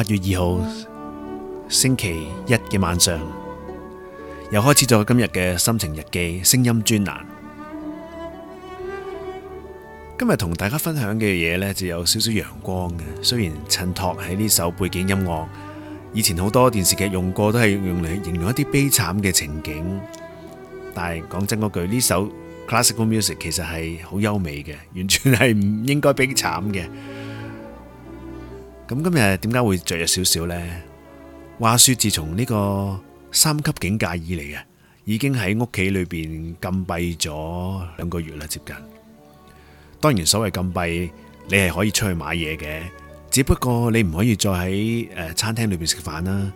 八月二號星期一嘅晚上，又開始咗今日嘅心情日記聲音專欄。今日同大家分享嘅嘢呢，就有少少陽光嘅。雖然襯托喺呢首背景音樂，以前好多電視劇用過都係用嚟形容一啲悲慘嘅情景。但係講真嗰句，呢首 classical music 其實係好優美嘅，完全係唔應該悲慘嘅。咁今日點解會着弱少少呢？話說自從呢個三級警戒以嚟嘅，已經喺屋企裏邊禁閉咗兩個月啦，接近。當然所謂禁閉，你係可以出去買嘢嘅，只不過你唔可以再喺餐廳裏邊食飯啦。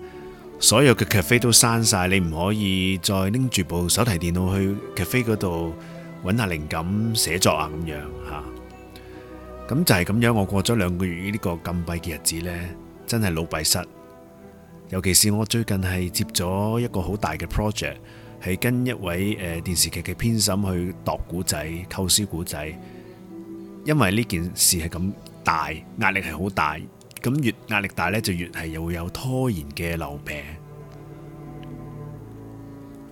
所有嘅 cafe 都閂晒，你唔可以再拎住部手提電腦去 cafe 嗰度揾下靈感寫作啊咁樣。咁就係咁樣，我過咗兩個月呢個禁閉嘅日子呢，真係腦閉塞。尤其是我最近係接咗一個好大嘅 project，係跟一位誒電視劇嘅編審去度古仔、構思古仔。因為呢件事係咁大，壓力係好大。咁越壓力大呢，就越係又會有拖延嘅漏病。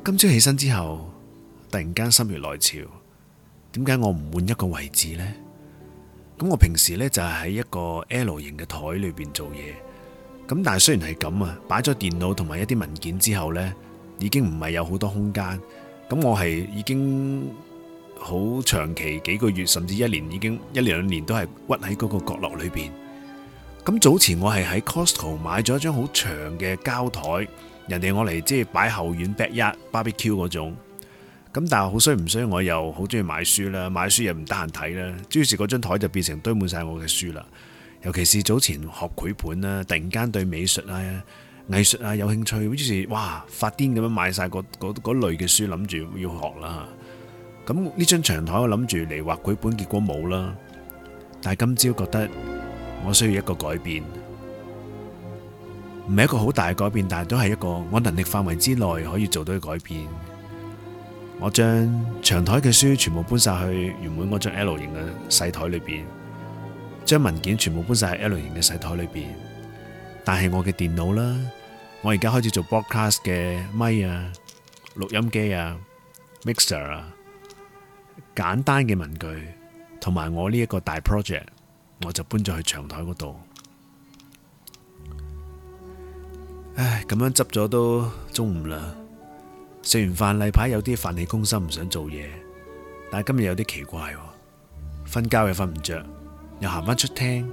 今朝起身之後，突然間心血來潮，點解我唔換一個位置呢？咁我平時呢就係喺一個 L 型嘅台裏邊做嘢，咁但係雖然係咁啊，擺咗電腦同埋一啲文件之後呢，已經唔係有好多空間，咁我係已經好長期幾個月甚至一年，已經一兩年都係屈喺嗰個角落裏邊。咁早前我係喺 Costco 買咗一張好長嘅膠台，人哋攞嚟即係擺後院 backyard barbecue 嗰種。咁但係好衰唔衰，我又好中意買書啦，買書又唔得閒睇。啦於是嗰張台就變成堆滿晒我嘅書啦。尤其是早前學繪本啦，突然間對美術啦、藝術啊有興趣，於是哇發癲咁樣買晒嗰嗰類嘅書，諗住要學啦。咁呢張長台我諗住嚟畫繪本，結果冇啦。但係今朝覺得我需要一個改變，唔係一個好大嘅改變，但係都係一個我能力範圍之內可以做到嘅改變。我將長台嘅書全部搬晒去原本嗰張 L 型嘅細台裏邊，將文件全部搬晒喺 L 型嘅細台裏邊。但係我嘅電腦啦，我而家開始做 broadcast 嘅咪啊、錄音機啊、mixer 啊，簡單嘅文具同埋我呢一個大 project，我就搬咗去長台嗰度。唉，咁樣執咗都中午啦。食完飯，例牌有啲飯氣攻心唔想做嘢，但係今日有啲奇怪，瞓覺又瞓唔着，又行翻出廳，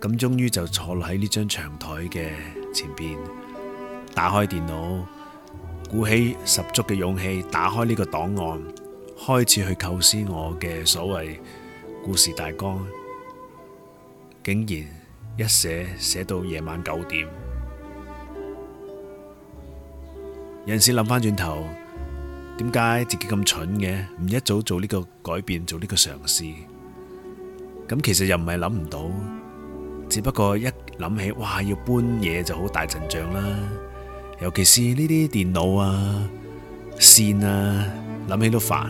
咁終於就坐喺呢張長台嘅前邊，打開電腦，鼓起十足嘅勇氣打開呢個檔案，開始去構思我嘅所謂故事大綱，竟然一寫寫到夜晚九點。有陣時諗翻轉頭，點解自己咁蠢嘅，唔一早做呢個改變，做呢個嘗試？咁其實又唔係諗唔到，只不過一諗起，哇，要搬嘢就好大陣仗啦，尤其是呢啲電腦啊、線啊，諗起都煩。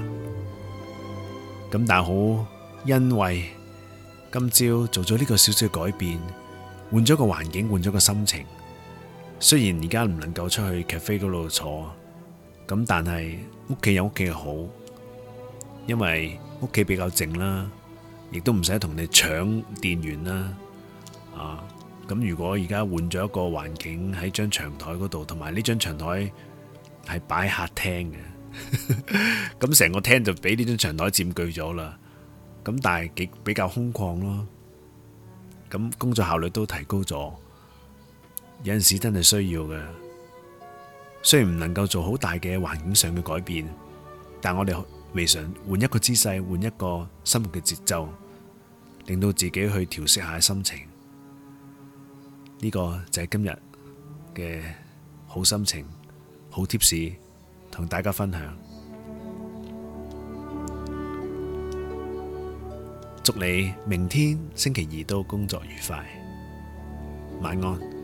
咁但係好，因為今朝做咗呢個小小改變，換咗個環境，換咗個心情。雖然而家唔能夠出去 cafe 嗰度坐，咁但係屋企有屋企好，因為屋企比較靜啦，亦都唔使同你搶電源啦。啊，咁如果而家換咗一個環境喺張長台嗰度，同埋呢張長台係擺喺客廳嘅，咁成個廳就俾呢張長台佔據咗啦。咁但係幾比較空曠咯，咁工作效率都提高咗。有陣時真係需要嘅，雖然唔能夠做好大嘅環境上嘅改變，但係我哋未嘗換一個姿勢，換一個生活嘅節奏，令到自己去調適下心情。呢個就係今日嘅好心情，好貼士同大家分享。祝你明天星期二都工作愉快，晚安。